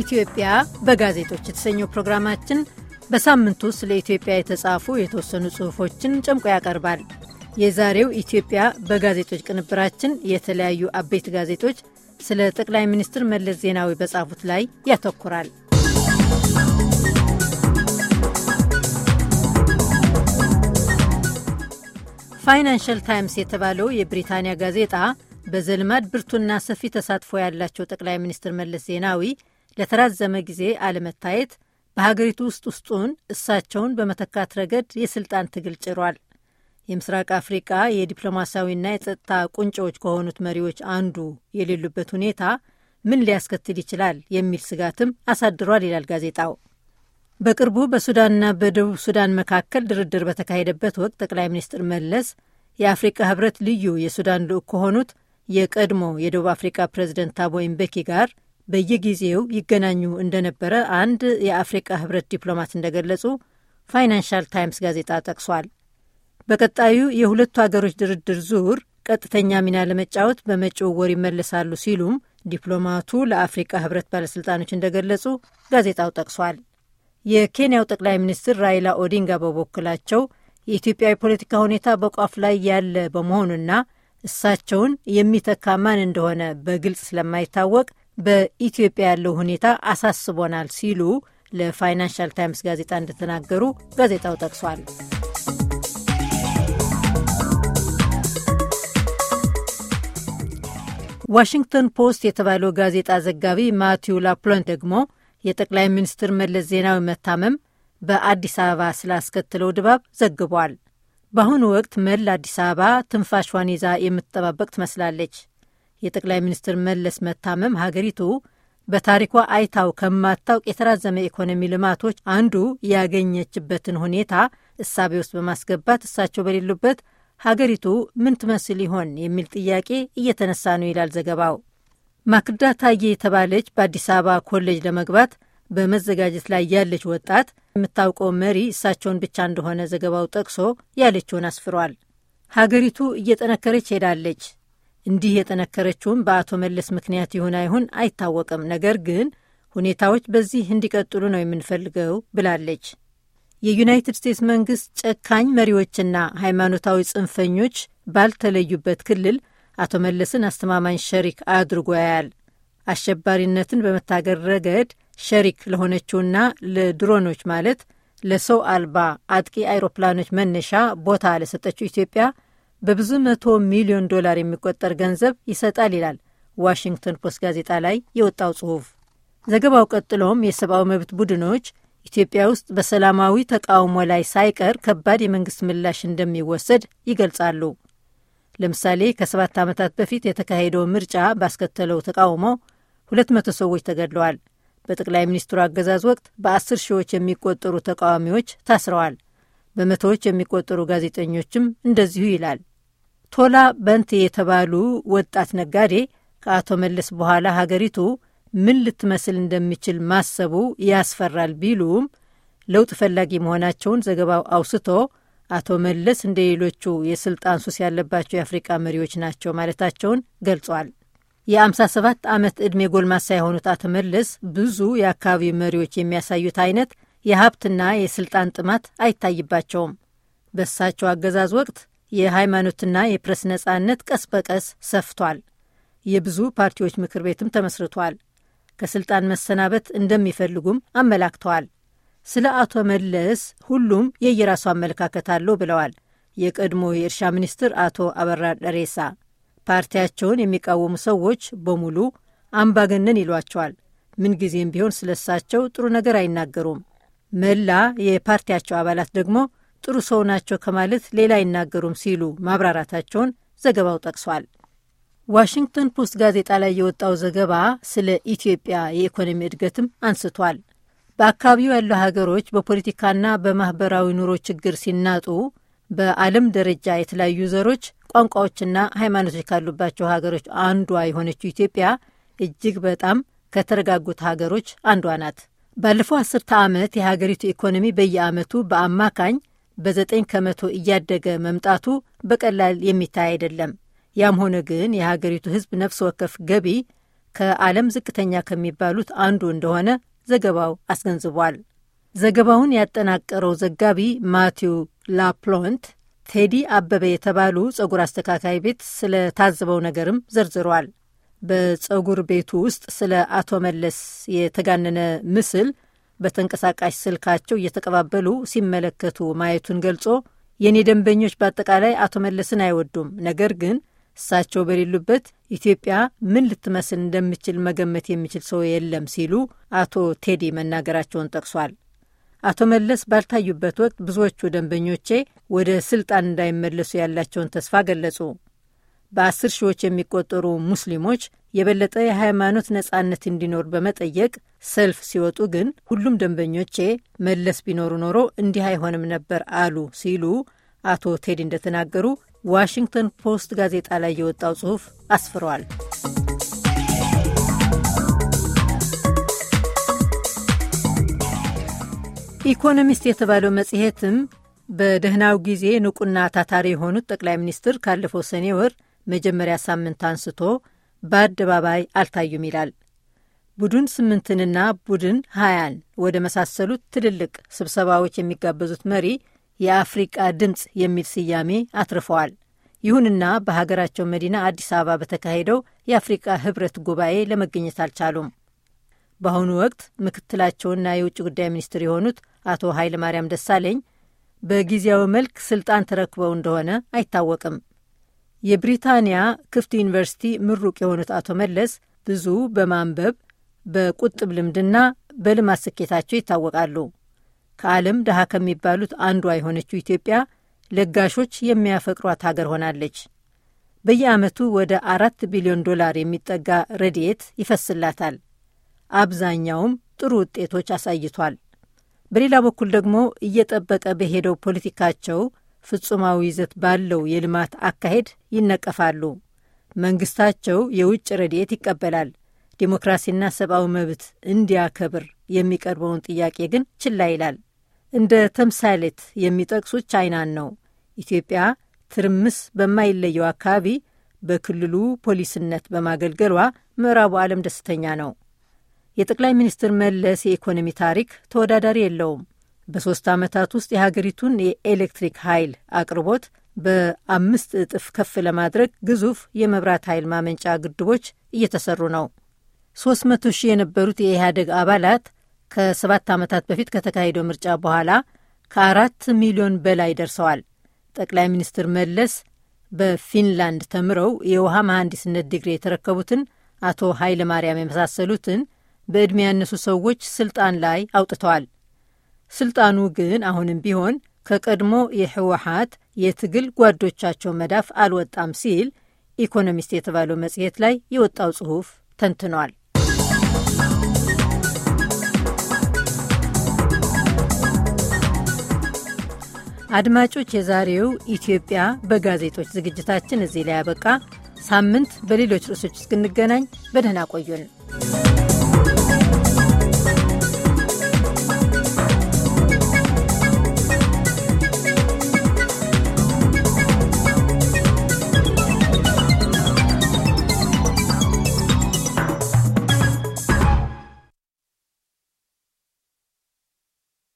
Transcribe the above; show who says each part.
Speaker 1: ኢትዮጵያ በጋዜጦች የተሰኘው ፕሮግራማችን በሳምንቱ ውስጥ ለኢትዮጵያ የተጻፉ የተወሰኑ ጽሑፎችን ጨምቆ ያቀርባል። የዛሬው ኢትዮጵያ በጋዜጦች ቅንብራችን የተለያዩ አበይት ጋዜጦች ስለ ጠቅላይ ሚኒስትር መለስ ዜናዊ በጻፉት ላይ ያተኩራል። ፋይናንሽል ታይምስ የተባለው የብሪታንያ ጋዜጣ በዘልማድ ብርቱና ሰፊ ተሳትፎ ያላቸው ጠቅላይ ሚኒስትር መለስ ዜናዊ ለተራዘመ ጊዜ አለመታየት በሀገሪቱ ውስጥ ውስጡን እሳቸውን በመተካት ረገድ የስልጣን ትግል ጭሯል። የምስራቅ አፍሪቃ የዲፕሎማሲያዊና የጸጥታ ቁንጮዎች ከሆኑት መሪዎች አንዱ የሌሉበት ሁኔታ ምን ሊያስከትል ይችላል የሚል ስጋትም አሳድሯል ይላል ጋዜጣው። በቅርቡ በሱዳንና በደቡብ ሱዳን መካከል ድርድር በተካሄደበት ወቅት ጠቅላይ ሚኒስትር መለስ የአፍሪካ ህብረት ልዩ የሱዳን ልዑክ ከሆኑት የቀድሞ የደቡብ አፍሪካ ፕሬዚደንት ታቦ ምቤኪ ጋር በየጊዜው ይገናኙ እንደነበረ አንድ የአፍሪቃ ህብረት ዲፕሎማት እንደገለጹ ፋይናንሻል ታይምስ ጋዜጣ ጠቅሷል። በቀጣዩ የሁለቱ አገሮች ድርድር ዙር ቀጥተኛ ሚና ለመጫወት በመጪው ወር ይመለሳሉ ሲሉም ዲፕሎማቱ ለአፍሪቃ ህብረት ባለሥልጣኖች እንደገለጹ ጋዜጣው ጠቅሷል። የኬንያው ጠቅላይ ሚኒስትር ራይላ ኦዲንጋ በበኩላቸው የኢትዮጵያ የፖለቲካ ሁኔታ በቋፍ ላይ ያለ በመሆኑና እሳቸውን የሚተካ ማን እንደሆነ በግልጽ ስለማይታወቅ በኢትዮጵያ ያለው ሁኔታ አሳስቦናል ሲሉ ለፋይናንሻል ታይምስ ጋዜጣ እንደተናገሩ ጋዜጣው ጠቅሷል። ዋሽንግተን ፖስት የተባለው ጋዜጣ ዘጋቢ ማቲው ላፕሎን ደግሞ የጠቅላይ ሚኒስትር መለስ ዜናዊ መታመም በአዲስ አበባ ስላስከትለው ድባብ ዘግቧል። በአሁኑ ወቅት መላ አዲስ አበባ ትንፋሿን ይዛ የምትጠባበቅ ትመስላለች። የጠቅላይ ሚኒስትር መለስ መታመም ሀገሪቱ በታሪኳ አይታው ከማታውቅ የተራዘመ ኢኮኖሚ ልማቶች አንዱ ያገኘችበትን ሁኔታ እሳቤ ውስጥ በማስገባት እሳቸው በሌሉበት ሀገሪቱ ምን ትመስል ይሆን የሚል ጥያቄ እየተነሳ ነው ይላል ዘገባው። ማክዳ ታዬ የተባለች በአዲስ አበባ ኮሌጅ ለመግባት በመዘጋጀት ላይ ያለች ወጣት የምታውቀው መሪ እሳቸውን ብቻ እንደሆነ ዘገባው ጠቅሶ ያለችውን አስፍሯል። ሀገሪቱ እየጠነከረች ሄዳለች፣ እንዲህ የጠነከረችውም በአቶ መለስ ምክንያት ይሁን አይሁን አይታወቅም። ነገር ግን ሁኔታዎች በዚህ እንዲቀጥሉ ነው የምንፈልገው ብላለች። የዩናይትድ ስቴትስ መንግስት ጨካኝ መሪዎችና ሃይማኖታዊ ጽንፈኞች ባልተለዩበት ክልል አቶ መለስን አስተማማኝ ሸሪክ አድርጎ ያያል። አሸባሪነትን በመታገር ረገድ ሸሪክ ለሆነችውና ለድሮኖች ማለት ለሰው አልባ አጥቂ አይሮፕላኖች መነሻ ቦታ ለሰጠችው ኢትዮጵያ በብዙ መቶ ሚሊዮን ዶላር የሚቆጠር ገንዘብ ይሰጣል ይላል ዋሽንግተን ፖስት ጋዜጣ ላይ የወጣው ጽሑፍ። ዘገባው ቀጥሎም የሰብአዊ መብት ቡድኖች ኢትዮጵያ ውስጥ በሰላማዊ ተቃውሞ ላይ ሳይቀር ከባድ የመንግሥት ምላሽ እንደሚወሰድ ይገልጻሉ። ለምሳሌ ከሰባት ዓመታት በፊት የተካሄደው ምርጫ ባስከተለው ተቃውሞ ሁለት መቶ ሰዎች ተገድለዋል። በጠቅላይ ሚኒስትሩ አገዛዝ ወቅት በአስር ሺዎች የሚቆጠሩ ተቃዋሚዎች ታስረዋል። በመቶዎች የሚቆጠሩ ጋዜጠኞችም እንደዚሁ ይላል። ቶላ በንቴ የተባሉ ወጣት ነጋዴ ከአቶ መለስ በኋላ ሀገሪቱ ምን ልትመስል እንደሚችል ማሰቡ ያስፈራል ቢሉም ለውጥ ፈላጊ መሆናቸውን ዘገባው አውስቶ አቶ መለስ እንደ ሌሎቹ የስልጣን ሱስ ያለባቸው የአፍሪቃ መሪዎች ናቸው ማለታቸውን ገልጿል። የ57 ዓመት ዕድሜ ጎልማሳ የሆኑት አቶ መለስ ብዙ የአካባቢው መሪዎች የሚያሳዩት አይነት የሀብትና የስልጣን ጥማት አይታይባቸውም። በሳቸው አገዛዝ ወቅት የሃይማኖትና የፕረስ ነጻነት ቀስ በቀስ ሰፍቷል። የብዙ ፓርቲዎች ምክር ቤትም ተመስርቷል። ከስልጣን መሰናበት እንደሚፈልጉም አመላክተዋል። ስለ አቶ መለስ ሁሉም የየራሱ አመለካከት አለው ብለዋል የቀድሞ የእርሻ ሚኒስትር አቶ አበራ ደሬሳ። ፓርቲያቸውን የሚቃወሙ ሰዎች በሙሉ አምባገነን ይሏቸዋል። ምንጊዜም ቢሆን ስለሳቸው ጥሩ ነገር አይናገሩም። መላ የፓርቲያቸው አባላት ደግሞ ጥሩ ሰው ናቸው ከማለት ሌላ አይናገሩም ሲሉ ማብራራታቸውን ዘገባው ጠቅሷል። ዋሽንግተን ፖስት ጋዜጣ ላይ የወጣው ዘገባ ስለ ኢትዮጵያ የኢኮኖሚ እድገትም አንስቷል። በአካባቢው ያሉ ሀገሮች በፖለቲካና በማኅበራዊ ኑሮ ችግር ሲናጡ በዓለም ደረጃ የተለያዩ ዘሮች፣ ቋንቋዎችና ሃይማኖቶች ካሉባቸው ሀገሮች አንዷ የሆነችው ኢትዮጵያ እጅግ በጣም ከተረጋጉት ሀገሮች አንዷ ናት። ባለፈው አስርተ ዓመት የሀገሪቱ ኢኮኖሚ በየዓመቱ በአማካኝ በዘጠኝ ከመቶ እያደገ መምጣቱ በቀላል የሚታይ አይደለም። ያም ሆነ ግን የሀገሪቱ ህዝብ ነፍስ ወከፍ ገቢ ከዓለም ዝቅተኛ ከሚባሉት አንዱ እንደሆነ ዘገባው አስገንዝቧል። ዘገባውን ያጠናቀረው ዘጋቢ ማቲው ላፕሎንት ቴዲ አበበ የተባሉ ጸጉር አስተካካይ ቤት ስለታዘበው ነገርም ዘርዝሯል። በጸጉር ቤቱ ውስጥ ስለ አቶ መለስ የተጋነነ ምስል በተንቀሳቃሽ ስልካቸው እየተቀባበሉ ሲመለከቱ ማየቱን ገልጾ የእኔ ደንበኞች በአጠቃላይ አቶ መለስን አይወዱም፣ ነገር ግን እሳቸው በሌሉበት ኢትዮጵያ ምን ልትመስል እንደምችል መገመት የሚችል ሰው የለም ሲሉ አቶ ቴዲ መናገራቸውን ጠቅሷል። አቶ መለስ ባልታዩበት ወቅት ብዙዎቹ ደንበኞቼ ወደ ስልጣን እንዳይመለሱ ያላቸውን ተስፋ ገለጹ። በአስር ሺዎች የሚቆጠሩ ሙስሊሞች የበለጠ የሃይማኖት ነጻነት እንዲኖር በመጠየቅ ሰልፍ ሲወጡ ግን ሁሉም ደንበኞቼ መለስ ቢኖሩ ኖሮ እንዲህ አይሆንም ነበር አሉ ሲሉ አቶ ቴዲ እንደተናገሩ ዋሽንግተን ፖስት ጋዜጣ ላይ የወጣው ጽሑፍ አስፍሯል። ኢኮኖሚስት የተባለው መጽሔትም በደህናው ጊዜ ንቁና ታታሪ የሆኑት ጠቅላይ ሚኒስትር ካለፈው ሰኔ ወር መጀመሪያ ሳምንት አንስቶ በአደባባይ አልታዩም ይላል። ቡድን ስምንትንና ቡድን ሀያን ወደ መሳሰሉት ትልልቅ ስብሰባዎች የሚጋበዙት መሪ የአፍሪቃ ድምፅ የሚል ስያሜ አትርፈዋል። ይሁንና በሀገራቸው መዲና አዲስ አበባ በተካሄደው የአፍሪቃ ህብረት ጉባኤ ለመገኘት አልቻሉም። በአሁኑ ወቅት ምክትላቸውና የውጭ ጉዳይ ሚኒስትር የሆኑት አቶ ኃይለማርያም ደሳለኝ በጊዜያዊ መልክ ስልጣን ተረክበው እንደሆነ አይታወቅም። የብሪታንያ ክፍት ዩኒቨርሲቲ ምሩቅ የሆኑት አቶ መለስ ብዙ በማንበብ በቁጥብ ልምድና በልማት ስኬታቸው ይታወቃሉ። ከዓለም ድሃ ከሚባሉት አንዷ የሆነችው ኢትዮጵያ ለጋሾች የሚያፈቅሯት ሀገር ሆናለች። በየዓመቱ ወደ አራት ቢሊዮን ዶላር የሚጠጋ ረድኤት ይፈስላታል። አብዛኛውም ጥሩ ውጤቶች አሳይቷል። በሌላ በኩል ደግሞ እየጠበቀ በሄደው ፖለቲካቸው ፍጹማዊ ይዘት ባለው የልማት አካሄድ ይነቀፋሉ። መንግስታቸው የውጭ ረድኤት ይቀበላል። ዴሞክራሲና ሰብአዊ መብት እንዲያከብር የሚቀርበውን ጥያቄ ግን ችላ ይላል። እንደ ተምሳሌት የሚጠቅሱት ቻይናን ነው። ኢትዮጵያ ትርምስ በማይለየው አካባቢ በክልሉ ፖሊስነት በማገልገሏ ምዕራቡ ዓለም ደስተኛ ነው። የጠቅላይ ሚኒስትር መለስ የኢኮኖሚ ታሪክ ተወዳዳሪ የለውም። በሦስት ዓመታት ውስጥ የሀገሪቱን የኤሌክትሪክ ኃይል አቅርቦት በአምስት እጥፍ ከፍ ለማድረግ ግዙፍ የመብራት ኃይል ማመንጫ ግድቦች እየተሰሩ ነው። 300 ሺህ የነበሩት የኢህአደግ አባላት ከሰባት ዓመታት በፊት ከተካሄደው ምርጫ በኋላ ከአራት ሚሊዮን በላይ ደርሰዋል። ጠቅላይ ሚኒስትር መለስ በፊንላንድ ተምረው የውሃ መሐንዲስነት ዲግሪ የተረከቡትን አቶ ኃይለ ማርያም የመሳሰሉትን በዕድሜ ያነሱ ሰዎች ስልጣን ላይ አውጥተዋል። ስልጣኑ ግን አሁንም ቢሆን ከቀድሞ የህወሓት የትግል ጓዶቻቸው መዳፍ አልወጣም ሲል ኢኮኖሚስት የተባለው መጽሔት ላይ የወጣው ጽሑፍ ተንትኗል። አድማጮች፣ የዛሬው ኢትዮጵያ በጋዜጦች ዝግጅታችን እዚህ ላይ ያበቃ። ሳምንት በሌሎች ርዕሶች እስክንገናኝ በደህና ቆዩን።